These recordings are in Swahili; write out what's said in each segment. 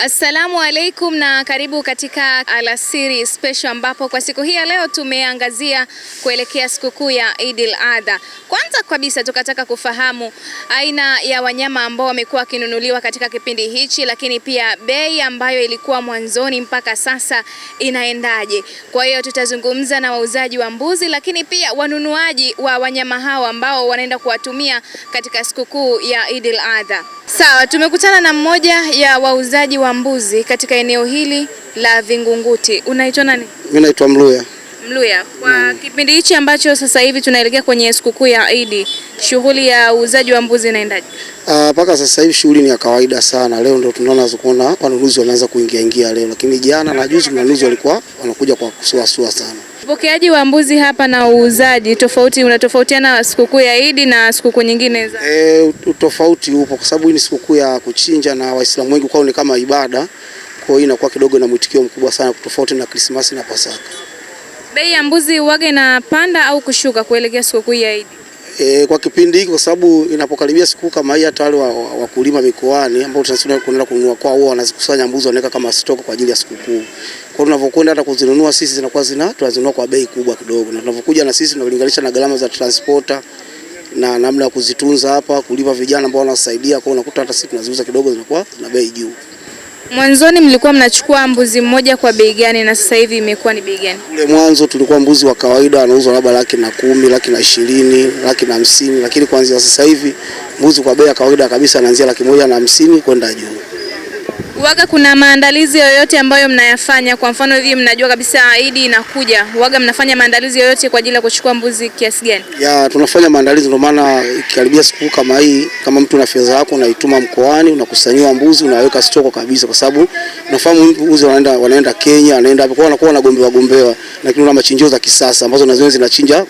Assalamu alaikum na karibu katika Alasiri Special ambapo kwa siku hii ya leo tumeangazia kuelekea sikukuu ya al Adha. Kwanza kabisa tukataka kufahamu aina ya wanyama ambao wamekuwa wakinunuliwa katika kipindi hichi, lakini pia bei ambayo ilikuwa mwanzoni mpaka sasa inaendaje. Kwa hiyo tutazungumza na wauzaji wa mbuzi, lakini pia wanunuaji wa wanyama hao ambao wanaenda kuwatumia katika sikukuu ya al Adha. Sawa, tumekutana na mmoja ya wauzaji wa wa mbuzi katika eneo hili la Vingunguti. Unaitwa nani? Mimi naitwa Mluya. Mluya, kwa mm. kipindi hichi ambacho sasa hivi tunaelekea kwenye sikukuu ya Idi, shughuli ya uuzaji wa mbuzi inaendaje? Ah, mpaka uh, sasa hivi shughuli ni ya kawaida sana. Leo ndio tunaona kuona wanunuzi wanaanza kuingia ingia leo, lakini jana na juzi wanunuzi walikuwa wanakuja kwa kusuasua sana. Upokeaji wa mbuzi hapa na uuzaji tofauti unatofautiana sikukuu ya Idi na sikukuu nyingine za e, utofauti upo kwa sababu hii ni sikukuu ya kuchinja na Waislamu wengi kwao ni kama ibada, kwa hiyo inakuwa kidogo na mwitikio mkubwa sana tofauti na Krismasi na Pasaka. Bei ya mbuzi uwaga inapanda au kushuka kuelekea sikukuu ya Idi? E, kwa kipindi hiki kwa sababu inapokaribia siku kama hii, hata wale wakulima mikoani ambao tunasema kunaenda kununua kwao, wanazikusanya mbuzi wanaweka kama stoko kwa ajili ya sikukuu. Kwa tunavyokwenda hata kuzinunua sisi zinakuwa zina tunazinunua kwa bei kubwa kidogo, na tunavyokuja na sisi tunalinganisha na gharama za transporter na namna ya kuzitunza hapa, kulipa vijana ambao wanasaidia, kwa unakuta hata sisi tunaziuza kidogo zinakuwa na bei juu. Mwanzoni mlikuwa mnachukua mbuzi mmoja kwa bei gani na sasa hivi imekuwa ni bei gani? Kule mwanzo tulikuwa mbuzi wa kawaida anauzwa labda laki na kumi, laki na ishirini, laki na hamsini, lakini kuanzia sasa hivi mbuzi kwa bei ya kawaida kabisa anaanzia laki moja na hamsini kwenda juu. Waga, kuna maandalizi yoyote ambayo mnayafanya? Kwa mfano hivi mnajua kabisa Idi inakuja, waga mnafanya maandalizi yoyote kwa ajili ya kuchukua mbuzi kiasi gani? Ya, tunafanya maandalizi, ndio maana ikikaribia siku kama hii, kama mtu na fedha yako unaituma mkoani, unakusanyiwa mbuzi, unaweka stoko kabisa, kwa sababu unafahamu mbuzi wanaenda wanaenda Kenya, wanaenda hapo, wanakuwa wanagombewa gombewa, lakini una machinjio za kisasa ambazo nazo zinachinja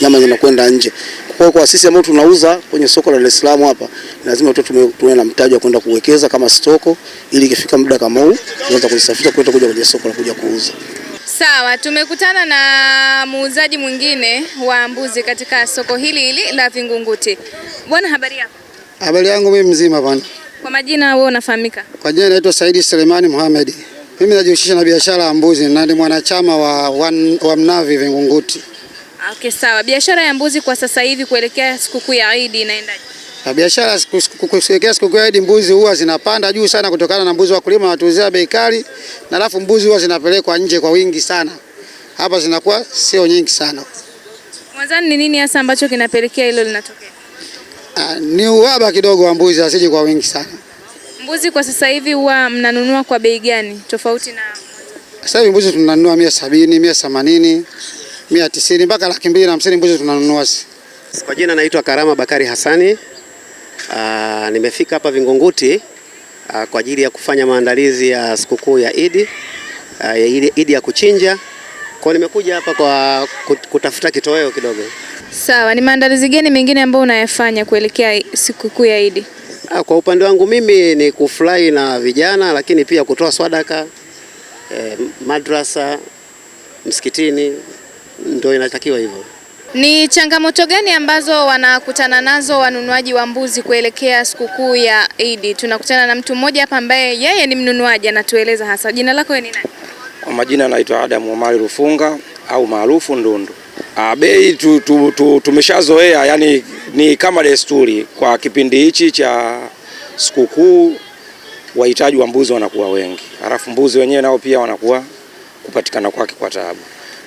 nyama zinakwenda nje. Kwa kwa sisi ambao tunauza kwenye soko la Dar es Salaam hapa, lazima tu tuwe na mtaji wa kwenda kuwekeza kama stoko, ili ikifika muda kama huu tunaanza kusafisha kwenda kuja kwenye soko la kuja kuuza. Sawa, tumekutana na muuzaji mwingine wa mbuzi katika soko hili hili la Vingunguti. Bwana, habari yako? Habari yangu mimi mzima bwana. Kwa majina wewe unafahamika? Kwa jina naitwa Saidi Selemani Mohamed. Mimi najihusisha na biashara ya mbuzi na ni mwanachama wa, wa, wa Mnavi Vingunguti. Okay, sawa. Biashara ya mbuzi kwa sasa hivi kuelekea sikukuu ya Eid inaendaje? Biashara kuelekea sikukuu ya Eid, mbuzi huwa zinapanda juu sana kutokana na mbuzi wakulima wanatuuzia bei kali, na alafu mbuzi huwa zinapelekwa nje kwa wingi sana, hapa zinakuwa sio nyingi sana. Mwanzani ni nini hasa ambacho kinapelekea hilo linatokea? Uh, ni uhaba kidogo wa mbuzi asije kwa wingi sana. Mbuzi kwa sasa hivi huwa mnanunua kwa bei gani tofauti na sasa hivi mbuzi tunanunua mia sabini, mia themanini mia tisini mpaka laki mbili na hamsini mbuzi tunanunua. Kwa jina naitwa Karama Bakari hasani Aa, ah, nimefika hapa Vingunguti aa, ah, kwa ajili ya kufanya maandalizi ya sikukuu ya Idi aa, ah, ya Idi, Idi ya kuchinja. Kwa nimekuja hapa kwa kutafuta kitoweo kidogo. Sawa, ni maandalizi gani mengine ambayo unayafanya kuelekea sikukuu ya Idi? Aa, kwa upande wangu mimi ni kufurahi na vijana lakini pia kutoa swadaka eh, madrasa msikitini ndio inatakiwa hivyo. Ni changamoto gani ambazo wanakutana nazo wanunuaji wa mbuzi kuelekea sikukuu ya Idi? Tunakutana na mtu mmoja hapa ambaye yeye ni mnunuaji, anatueleza hasa. Jina lako ni nani? Kwa majina anaitwa Adamu Omari Rufunga au maarufu Ndundu. Ah, bei tu, tu, tu, tumeshazoea yani ni kama desturi kwa kipindi hichi cha sikukuu, wahitaji wa mbuzi wanakuwa wengi, halafu mbuzi wenyewe nao pia wanakuwa kupatikana kwake kwa taabu.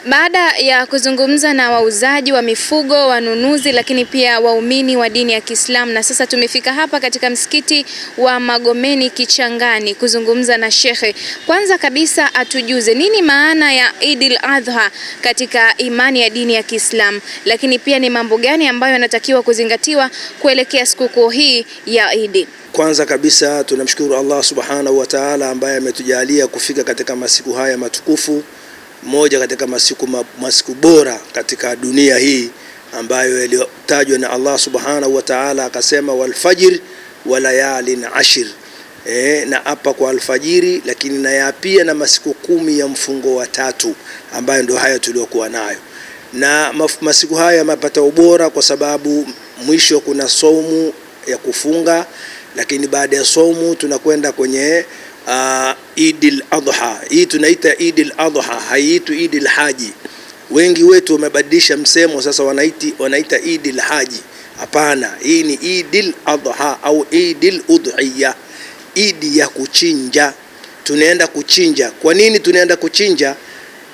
Baada ya kuzungumza na wauzaji wa mifugo, wanunuzi, lakini pia waumini wa dini ya Kiislamu, na sasa tumefika hapa katika msikiti wa Magomeni Kichangani kuzungumza na shekhe. Kwanza kabisa atujuze nini maana ya al Adha katika imani ya dini ya Kiislamu, lakini pia ni mambo gani ambayo yanatakiwa kuzingatiwa kuelekea sikukuu hii ya Idi? Kwanza kabisa tunamshukuru Allah subhanahu wa taala ambaye ametujalia kufika katika masiku haya matukufu moja katika masiku, masiku bora katika dunia hii ambayo yaliyotajwa na Allah subhanahu wa ta'ala akasema, walfajiri wa layalin ashir, e, na hapa kwa alfajiri, lakini pia na masiku kumi ya mfungo wa tatu ambayo ndio haya tuliokuwa nayo, na masiku haya yamepata ubora kwa sababu mwisho kuna somu ya kufunga, lakini baada ya somu tunakwenda kwenye uh, Idil Adha. Hii tunaita Idil Adha, haiitwi Idil Haji. Wengi wetu wamebadilisha msemo sasa, wanaiti, wanaita Idil Haji. Hapana, hii ni Idil Adha au Idil Udhiya, idi ya kuchinja. Tunaenda kuchinja. Kwa nini tunaenda kuchinja?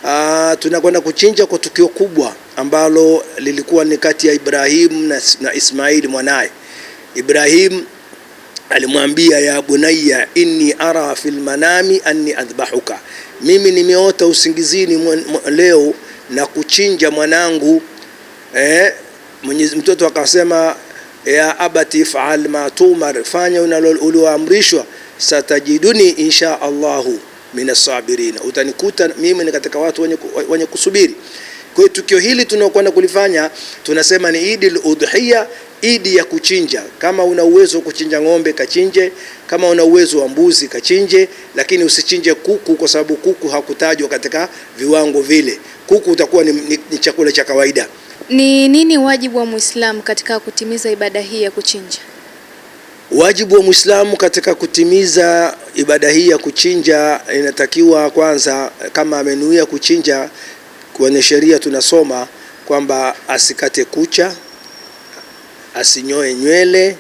Uh, tunakwenda kuchinja kwa tukio kubwa ambalo lilikuwa ni kati ya Ibrahim na, na Ismail mwanaye Ibrahim alimwambia ya bunayya inni ara fil manami anni adhbahuka, mimi nimeota usingizini leo na kuchinja mwanangu. Eh, Mwenyezi mtoto akasema ya abati faal ma tumar, fanya unalo ulioamrishwa. Satajiduni insha Allahu min assabirina utanikuta mimi ni katika watu wenye kusubiri. Kwa hiyo tukio hili tunaokwenda kulifanya tunasema ni Idul Udhiya, idi ya kuchinja. Kama una uwezo wa kuchinja ng'ombe kachinje, kama una uwezo wa mbuzi kachinje, lakini usichinje kuku, kwa sababu kuku hakutajwa katika viwango vile. Kuku utakuwa ni, ni, ni chakula cha kawaida. Ni nini wajibu wa Muislamu katika kutimiza ibada hii ya kuchinja? Wajibu wa Muislamu katika kutimiza ibada hii ya kuchinja inatakiwa kwanza, kama amenuia kuchinja Kwenye sheria tunasoma kwamba asikate kucha, asinyoe nywele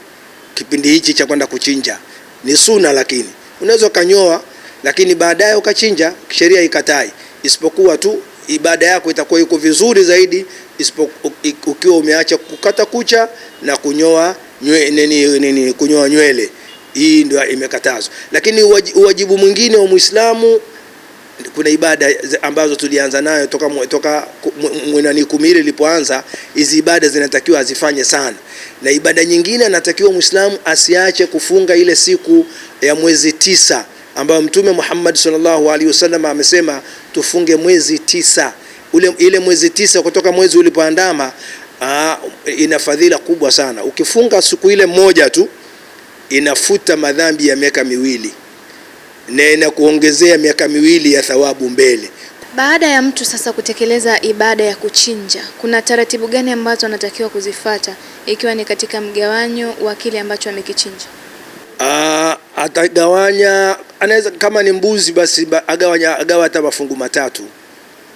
kipindi hichi cha kwenda kuchinja. Ni suna, lakini unaweza ukanyoa, lakini baadaye ukachinja, sheria ikatai, isipokuwa tu ibada yako itakuwa iko vizuri zaidi ukiwa umeacha kukata kucha na kunyoa nywele, nini, nini, kunyoa nywele. Hii ndio imekatazwa, lakini uwajibu mwingine wa Muislamu kuna ibada ambazo tulianza nayo toka toka mwenani kumi ile ilipoanza, hizi ibada zinatakiwa azifanye sana, na ibada nyingine anatakiwa Muislamu asiache kufunga ile siku ya mwezi tisa ambayo Mtume Muhammad sallallahu alaihi wasallam amesema tufunge mwezi tisa ule, ile mwezi tisa kutoka mwezi ulipoandama ah, ina fadhila kubwa sana. Ukifunga siku ile moja tu inafuta madhambi ya miaka miwili na inakuongezea miaka miwili ya thawabu mbele. Baada ya mtu sasa kutekeleza ibada ya kuchinja, kuna taratibu gani ambazo anatakiwa kuzifata ikiwa ni katika mgawanyo wa kile ambacho amekichinja? Ah, atagawanya, anaweza kama ni mbuzi basi agawanya, agawa hata mafungu matatu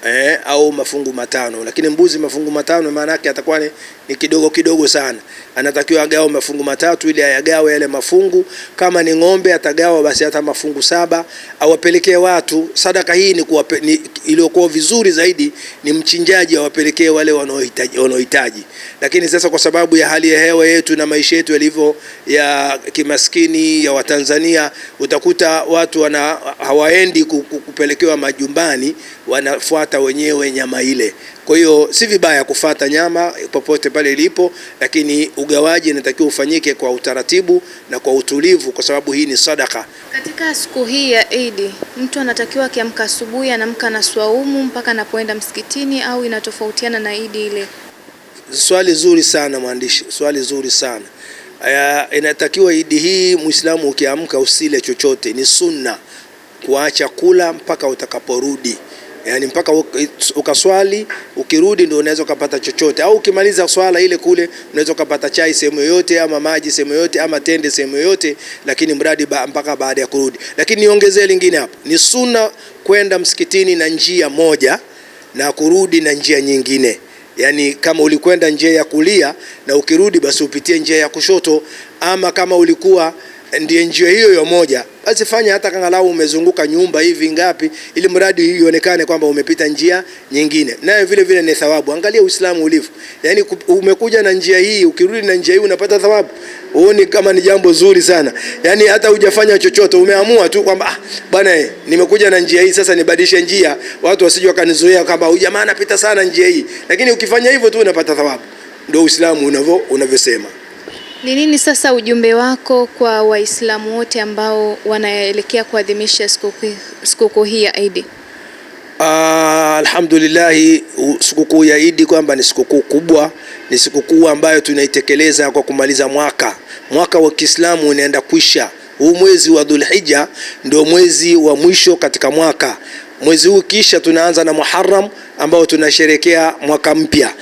eh, au mafungu matano, lakini mbuzi mafungu matano maana yake atakuwa ni ni kidogo kidogo sana. Anatakiwa agawe mafungu matatu, ili ayagawe yale mafungu. Kama ni ng'ombe atagawa basi hata mafungu saba, awapelekee watu sadaka. Hii ni, ni iliyokuwa vizuri zaidi ni mchinjaji awapelekee wale wanaohitaji wanaohitaji, lakini sasa kwa sababu ya hali ya hewa yetu na maisha yetu yalivyo ya kimaskini ya Watanzania, utakuta watu wana hawaendi kupelekewa majumbani, wanafuata wenyewe nyama ile. Kwa hiyo si vibaya kufata nyama popote pale ilipo, lakini ugawaji inatakiwa ufanyike kwa utaratibu na kwa utulivu, kwa sababu hii ni sadaka. Katika siku hii ya Eid, mtu anatakiwa akiamka asubuhi, anamka na swaumu mpaka anapoenda msikitini, au inatofautiana na Eid ile? Swali zuri sana mwandishi, swali zuri sana. Aya, inatakiwa Eid hii Muislamu ukiamka usile chochote, ni sunna kuacha kula mpaka utakaporudi yani mpaka ukaswali ukirudi ndio unaweza ukapata chochote, au ukimaliza swala ile kule unaweza ukapata chai sehemu yoyote, ama maji sehemu yoyote, ama tende sehemu yoyote, lakini mradi ba, mpaka baada ya kurudi. Lakini niongezee lingine hapo, ni sunna kwenda msikitini na njia moja na kurudi na njia nyingine. Yani kama ulikwenda njia ya kulia na ukirudi basi upitie njia ya kushoto, ama kama ulikuwa eh, ndiye njia hiyo hiyo moja basi fanya hata kangalau umezunguka nyumba hivi ngapi, ili mradi ionekane kwamba umepita njia nyingine, nayo vile vile ni thawabu. Angalia Uislamu ulivyo, yani umekuja na njia hii, ukirudi na njia hii unapata thawabu. Huoni kama ni jambo zuri sana? Yani hata hujafanya chochote, umeamua tu kwamba ah, bwana eh, nimekuja na njia hii, sasa nibadilishe njia, watu wasije wakanizuia kwamba huyu jamaa anapita sana njia hii. Lakini ukifanya hivyo tu unapata thawabu. Ndio Uislamu unavyo unavyosema. Ni nini sasa ujumbe wako kwa Waislamu wote ambao wanaelekea kuadhimisha sikukuu hii ya Idi? Ah, alhamdulillah, sikukuu ya Idi kwamba ni sikukuu kubwa, ni sikukuu ambayo tunaitekeleza kwa kumaliza mwaka. Mwaka wa Kiislamu unaenda kuisha. Huu mwezi wa Dhulhijja ndio mwezi wa mwisho katika mwaka. Mwezi huu kisha tunaanza na Muharram ambao tunasherekea mwaka mpya.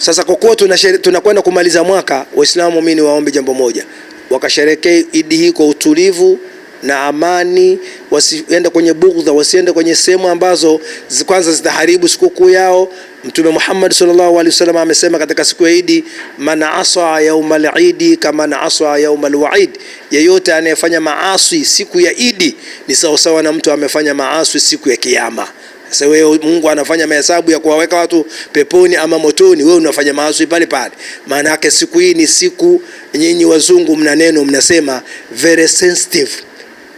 Sasa kwa kuwa tunakwenda kumaliza mwaka, Waislamu waamini waombe jambo moja, wakasherekee Idi hii kwa utulivu na amani, wasiende kwenye bugdha, wasiende kwenye sehemu ambazo kwanza zitaharibu sikukuu yao. Mtume Muhammad sallallahu alaihi wasallam amesema katika siku ya Idi, man asa yaumal idi kama na asa yaumal waid, yeyote anayefanya maasi siku ya Idi ni sawasawa na mtu amefanya maasi siku ya Kiyama. Sasa wewe Mungu anafanya mahesabu ya kuwaweka watu peponi ama motoni, wewe unafanya maasi pale pale. Maana yake siku hii ni siku, nyinyi wazungu mna neno mnasema very sensitive,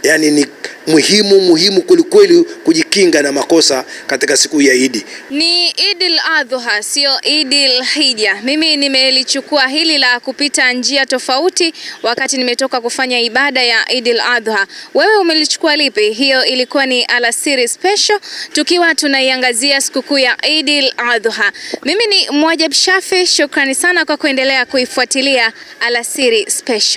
yani ni muhimu muhimu kwelikweli kujikinga na makosa katika siku ya Idi. Ni Idil Adha, sio Idil Hija. Mimi nimelichukua hili la kupita njia tofauti wakati nimetoka kufanya ibada ya Idil Adha. Wewe umelichukua lipi? Hiyo ilikuwa ni alasiri special tukiwa tunaiangazia sikukuu ya Idil Adha. Mimi ni Mwajab Shafi, shukrani sana kwa kuendelea kuifuatilia alasiri special.